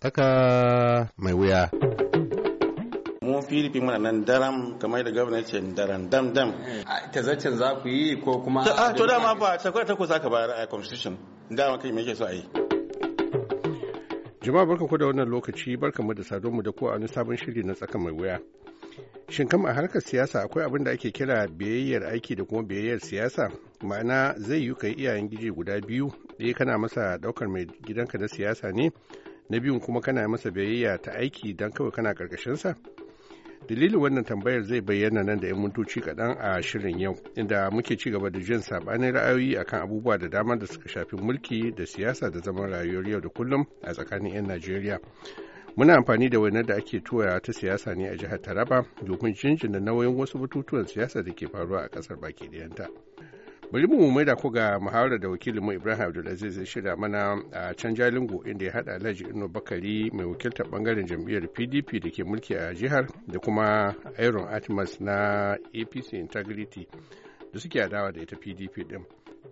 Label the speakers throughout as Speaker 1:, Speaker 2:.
Speaker 1: tsaka mai wuya.
Speaker 2: mu filifin mana nan daram kamar da gwamnati ce daram dam dam ta zaccen za ku yi ko kuma a to ma ba sakwai ta ku za ka bayar a constitution ma kai me yake so a yi
Speaker 1: jama'a barka ku da wannan lokaci barka mu da sadon mu da ku a wani sabon shiri na tsaka mai wuya shin kam a harkar siyasa akwai abin da ake kira biyayyar aiki da kuma biyayyar siyasa ma'ana zai yi kai iyayen giji guda biyu ɗaya kana masa ɗaukar mai gidanka na siyasa ne na biyun kuma kana masa biyayya ta aiki don kawai kana ƙarƙashinsa dalilin wannan tambayar zai bayyana nan da 'yan mintoci kaɗan a shirin yau inda muke ci gaba da jin saɓanin ra'ayoyi akan abubuwa da dama da suka shafi mulki da siyasa da zaman rayuwar yau da kullum a tsakanin 'yan najeriya muna amfani da wainar da ake toya ta siyasa ne a jihar taraba domin jinjina nauyin wasu batutuwan siyasa da ke faruwa a ƙasar baki ɗayanta bari mu mai da ku ga muhawarar da wakilin mu Ibrahim Abdulaziz ya shirya mana a can Jalingo inda ya hada Alhaji Inno Bakari mai wakiltar bangaren jam'iyyar PDP da ke mulki a jihar da kuma iron Atmas na APC Integrity da suke adawa da ita PDP din.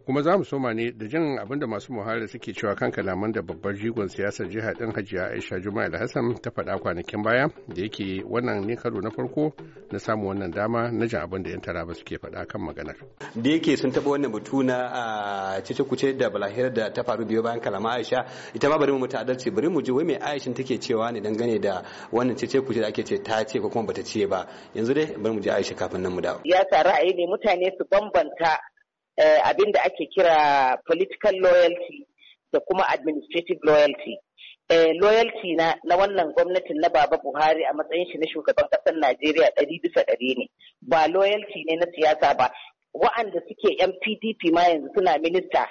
Speaker 1: kuma za mu soma ne da jin abinda masu muhara suke cewa kan kalaman da babbar jigon siyasar jihar din hajiya aisha juma'a da hassan ta faɗa kwanakin baya da yake wannan ne karo na farko na samu wannan dama na jin abin da 'yan taraba suke faɗa kan maganar
Speaker 3: da yake sun taɓa wannan batu na cece kuce da balahir da ta faru biyo bayan kalama aisha ita ma bari mu mutu adalci bari mu ji wai mai aishin take cewa ne gane da wannan cece kuce da ake ce ta ce ko kuma bata ce ba yanzu dai bari mu ji aisha kafin nan mu dawo
Speaker 4: ya sa ra'ayi ne mutane su bambanta Eh, abin da ake kira political loyalty da kuma administrative loyalty. Eh, loyalty na, na wannan gwamnatin na Baba Buhari a matsayin shi na shugaban ƙasar Najeriya ɗari bisa ɗari ne. Ba loyalty ne na siyasa ba. Wa'anda suke 'yan PDP ma yanzu suna minista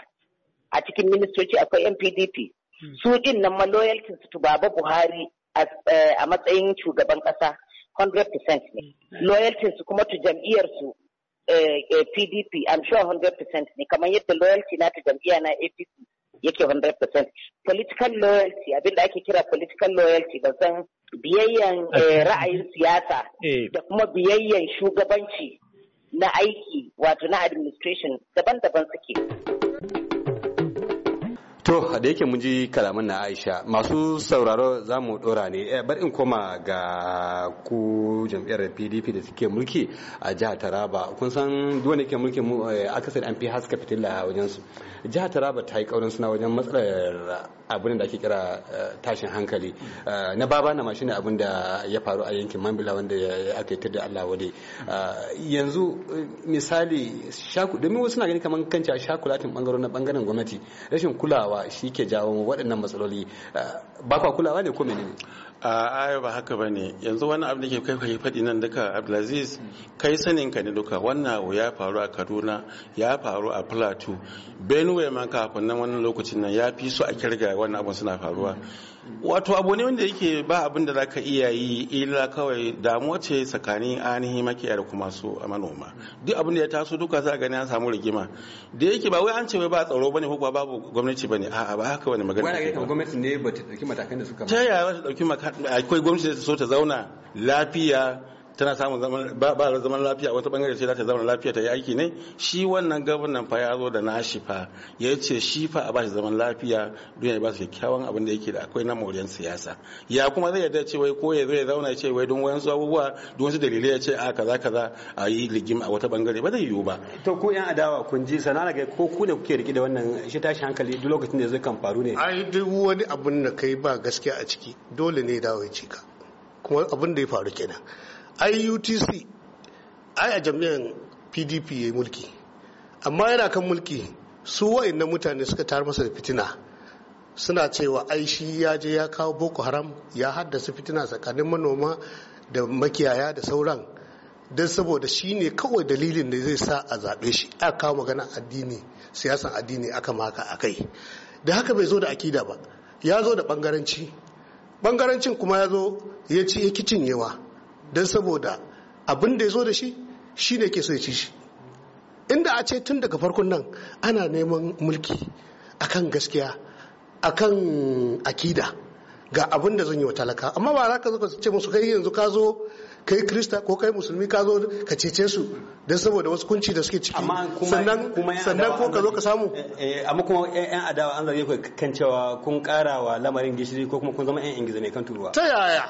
Speaker 4: a cikin ministoci akwai 'yan PDP. Hmm. Su ɗin nan ma loyalty su Baba Buhari eh, a matsayin shugaban ƙasa 100% ne. Hmm. Loyalty su kuma tu jam'iyyar su PDP eh, eh, I'm sure 100% ne kamar yadda loyalty na ta jam'iyya na APC yake 100%. Political loyalty abin da ake kira political loyalty ban san biyayyan eh, ra'ayin siyasa da kuma biyayyan shugabanci na aiki wato na administration daban-daban suke.
Speaker 3: To da yake mun ji kalaman na Aisha masu sauraro za mu dora ne eh, bar in koma ga ku jam'iyyar PDP da suke mulki a jihar Taraba kun san duk wanda yake mulkin eh, akasar an fi haska fitila wajen su jihar Taraba ta yi kaurin suna wajen matsalar abin da ake kira eh, tashin hankali eh, na baba na shine abin da ya faru a yankin mambila wanda aka yi da allah wade eh, yanzu misali shaku domin wasu na gani kamar kanci a latin bangaro na bangaren gwamnati rashin kulawa shi ke jawo waɗannan matsaloli ba kwa kulawa ne ko menene
Speaker 2: a ah, ayo ba haka bane yanzu wani abin da ke kai kai faɗi nan duka abdulaziz kai sanin ka ne duka wannan abu ya faru a kaduna ya faru a plateau benue ma kafin nan wannan lokacin nan ya fi su a kirga wannan abin suna faruwa wato abu ne wanda yake ba abin da zaka iya yi illa kawai damuwa ce tsakanin ainihin makiya da kuma su a manoma duk abin da ya taso duka za gani an samu rigima da yake ba wai an ce wai ba tsaro bane ko babu gwamnati bane a'a ba haka wani magana wani ga
Speaker 3: gwamnati ne ba ta dauki matakan da suka ta
Speaker 2: yaya za ta dauki matakan akwai gwamnati da so ta zauna lafiya tana samun zaman ba da zaman lafiya wata bangare ce za ta zama lafiya ta yi aiki ne shi wannan gwamnan fa ya zo da nashi fa ya ce shi fa a bashi zaman lafiya duniya ba su kyakkyawan abin da yake da akwai na moriyan siyasa ya kuma zai yarda wai ko ya zo ya zauna ce wai don wayansu abubuwa don wasu dalilai ya ce a kaza
Speaker 3: kaza a yi ligim a wata bangare ba zai yiwu ba to ko yan adawa kun ji sana daga ko ku ne kuke rike
Speaker 4: da wannan shi tashi hankali duk lokacin da zai kan faru ne ai duk wani abin da kai ba gaskiya a ciki dole ne dawo ya cika kuma abin da ya faru kenan iutc ai a jami'an pdp ya yi mulki amma yana kan mulki su wa'in na mutane suka tar masa da fitina suna cewa ai shi ya je ya kawo boko haram ya haddasa fitina tsakanin manoma da makiyaya da sauran don saboda shi ne kawai dalilin da zai sa a zaɓe shi a kawo magana addini siyasan addini aka maka a kai da haka bai zo da akida ba ya zo da ɓangaranci ɓangarancin kuma ya zo ya ci ya kicin yawa don saboda abin da ya zo da shi shi ne ke so ya ci shi inda a ce tun daga farkon nan ana neman mulki akan gaskiya akan akida ga abin da zan yi wa talaka amma ba za ka zo ka ce musu kai yanzu ka zo kai krista ko kai musulmi ka zo ka cece su don saboda wasu kunci da suke ciki sannan sannan ko ka zo ka samu eh,
Speaker 3: eh, amma kuma yan adawa an zarge ku kan cewa kun kara wa lamarin gishiri ko kuma kun zama yan ingiza
Speaker 4: ne kan turuwa ta yaya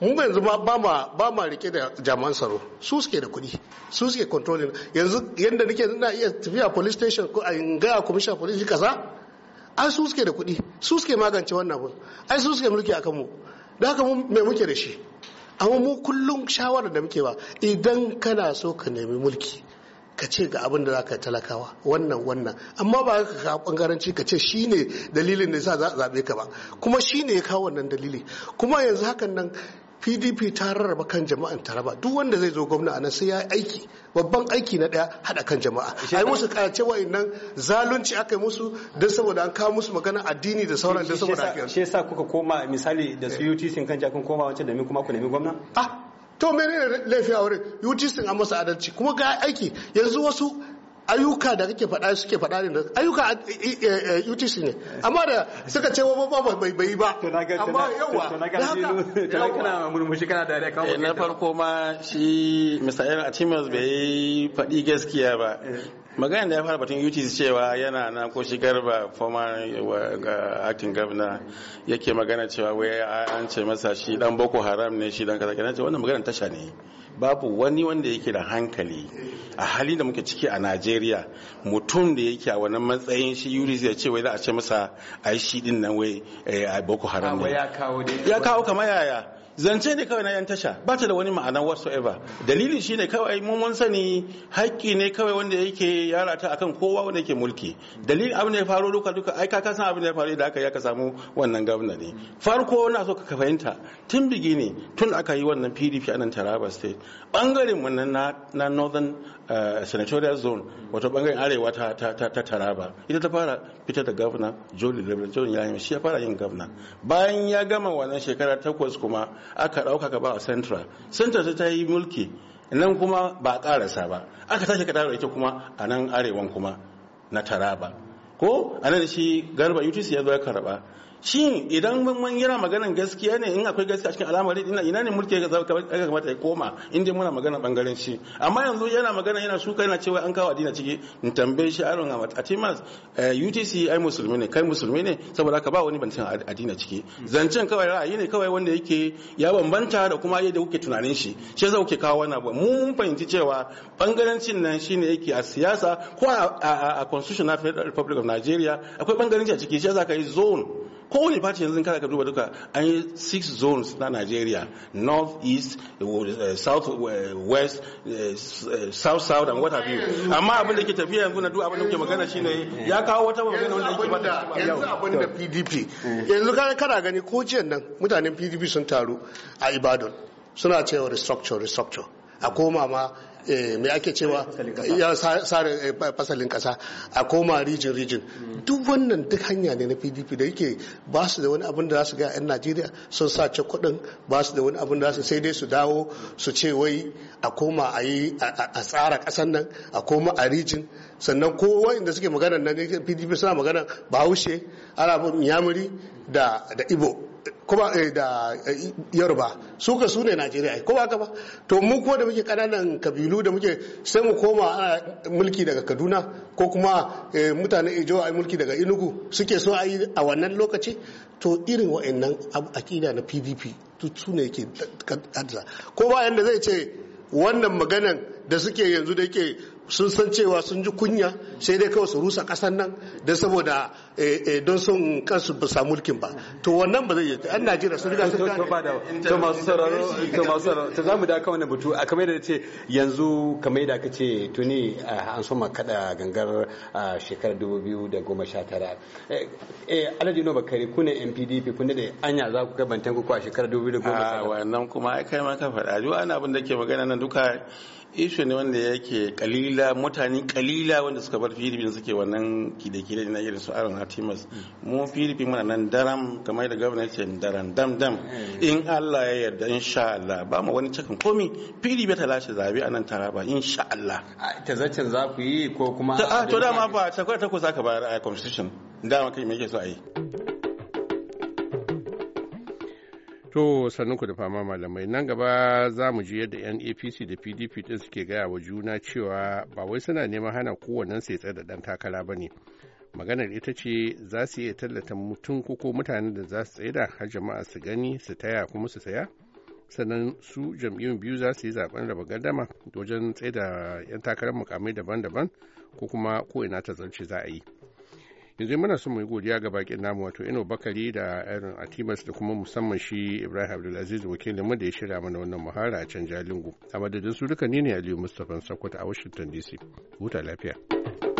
Speaker 4: mu yanzu ba ma ba ma rike da jaman tsaro su suke da kuɗi su suke controlling yanzu yadda nake na iya tafiya police station ko in gaya commissioner police kaza ai su suke da kuɗi su suke magance wannan abu ai su suke mulki akan mu da haka me muke da shi amma mu kullum shawarar da muke ba idan kana so ka nemi mulki ka ce ga abin da za ka talakawa wannan wannan amma ba ka kawo bangaranci ka ce shi ne dalilin da za a zaɓe ka ba kuma shi ne ya kawo wannan dalili kuma yanzu hakan nan pdp ta rarraba kan jama'an taraba duk wanda zai zo gwamna a nan sai ya yi aiki babban aiki na daya hada kan jama'a a yi musu kayace wa'annan zalunci aka yi musu don saboda an kawo musu magana addini da sauran don saboda aka shi
Speaker 3: yasa kuka koma misali da
Speaker 4: su utc kan jakin koma wancan da kuma ku nemi gwamna ah to menene laifi a wurin utc an masa adalci kuma ga aiki yanzu wasu ayyuka da kake faɗa suke faɗa ne ayyuka eh, eh, UTC ne amma da suka ce wa ba bai bai ba amma yawa da haka
Speaker 2: kana
Speaker 3: murmushi kana da eh,
Speaker 2: na farko ma shi Mr. Aaron Atimas bai faɗi gaskiya ba magana da ya fara batun UTC cewa yana na ko shi garba former acting governor yake magana cewa wai an ce masa shi dan boko haram ne shi dan kaza kenan wannan magana tasha ne babu wani wanda yake da hankali a hali da muke ciki a Najeriya mutum da yake a wannan matsayin shi UTC ya ce wai za a ce masa ai shi din nan wai eh, boko haram ne
Speaker 3: ya kawo
Speaker 2: kamar yaya zance ne kawai na yan tasha ba ta da wani ma'ana whatsoever dalili shine kawai mun mun sani haƙƙi ne kawai wanda yake yara ta akan kowa wanda yake mulki dalili abin da ya faru duka duka ai ka san abin da ya faru da aka yi aka samu wannan gwamnati ne farko na so ka fahimta tun bigini tun aka yi wannan PDP a nan Taraba state bangaren mu na northern Eh, senatorial zone wato bangaren arewa ta, ta, taraba ita ta fara fita da gavna joli lebron ya yi shi ya fara yin gavna bayan ya gama wannan shekara takwas kuma aka ɗauka ka ba a central central ta yi mulki nan kuma ba a karasa ba aka sake kadara ita kuma a nan arewan kuma na taraba ko a nan shi garba utc ya zo ya karaba shi idan mun yana maganan gaskiya ne in akwai gaskiya cikin al'amari ina ina ne mulki ya kamata ya koma in dai muna magana bangaren shi amma yanzu yana magana yana shuka yana cewa an kawo addini ciki in tambaye shi aron a timas eh, UTC ai musulmi ne kai musulmi ne saboda ka ba wani bantan addini ciki zancen kawai ra'ayi ne kawai wanda yake ya bambanta da kuma yadda kuke tunanin shi shi zai kuke kawo wannan abu mu mun fahimci cewa bangarancin nan shine yake a siyasa ko a constitution na Republic of Nigeria akwai bangarancin a ciki shi zaka yi zone kowane party yanzu kada ka duba duka an yi six zones na Nigeria north east eh, south eh, west eh, south south and what have you amma abin da ke tafiya yanzu na duka abin da kuke magana shine ya kawo wata magana wanda yake bada yanzu abin da
Speaker 4: PDP mm. yanzu kana gani ko jiyan nan mutanen PDP sun taru a Ibadan suna cewa restructure restructure a koma ma Eh, mai ake cewa ya sare eh, fasalin kasa a koma rijin rijin duk wannan duk hanya ne na pdp da yake ba su da wani abin da za su ga 'yan najeriya sun sa kudin ba su da wani abin da za su sai dai su dawo su ce wai a koma a yi a tsara kasan nan a koma a rijin sannan ko inda suke magana na pdp suna magana bahaushe arabin yamuri da ibo kuma eh, da eh, yoruba su ka su ne najeriya ko ba ka ba to mu ko da muke kananan kabilu da muke sai mu koma ana ah, mulki daga kaduna ko kuma eh, mutane ijo a mulki daga inugu suke so a yi a wannan lokaci to irin wa'annan akida na pdp su ne ke ko ba yadda zai ce wannan maganan da suke yanzu da yake sun san cewa sun ji kunya sai dai kawai su rusa kasan nan don saboda eh, eh, don sun kansu ba samu mulkin ba to wannan ba zai yi an najeriya sun riga sun gane to masu sauraro to masu sauraro to zamu da kawai batu a
Speaker 3: kamar da ce yanzu kamar yadda aka ce tuni eh, an so ma kada gangar shekarar 2019 eh alhaji no bakari kuna NPDP kun da anya za ku gabantan ku
Speaker 2: a shekarar 2019 ah, wannan kuma ai kai ma ka faɗa duk ana abin da ke magana nan duka ishu ne wanda yake kalili kalila mutane kalila wanda suka bar filifin suke wannan kide-kide na irin su aron artemis mu filifin mana nan daram kamar da gwamnati ce daram dam dam eh. in allah ya yarda insha allah ba mu wani cikin komi filifin ta lashe zabe a nan taraba insha allah ta zaccen za ku yi ko kuma to dama ba ta kwata ku za ka bayar a constitution dama kai me yake so a yi
Speaker 1: To ku da fama malamai nan gaba za mu ji yadda 'yan APC da PDP ɗin suke gaya wa juna cewa ba wai suna neman hana kowannen sai da ɗan takara ba ne. Maganar ita ce za su iya tallata mutum ko mutanen da za su da har jama'a su gani su taya kuma su saya. Sannan su jam'iyyun biyu za su yi zaben raba gardama wajen da 'yan takarar mukamai daban-daban ko kuma ko ina ta zance za a yi. yanzu muna son mai godiya ga bakin namu wato ino bakari da irin atimas da kuma musamman shi ibrahim abdulaziz wakilin mu da ya shirya mana wannan muhara a can jalingo a madadin su duka ne ne aliyu mustapha sakwata a washington dc huta lafiya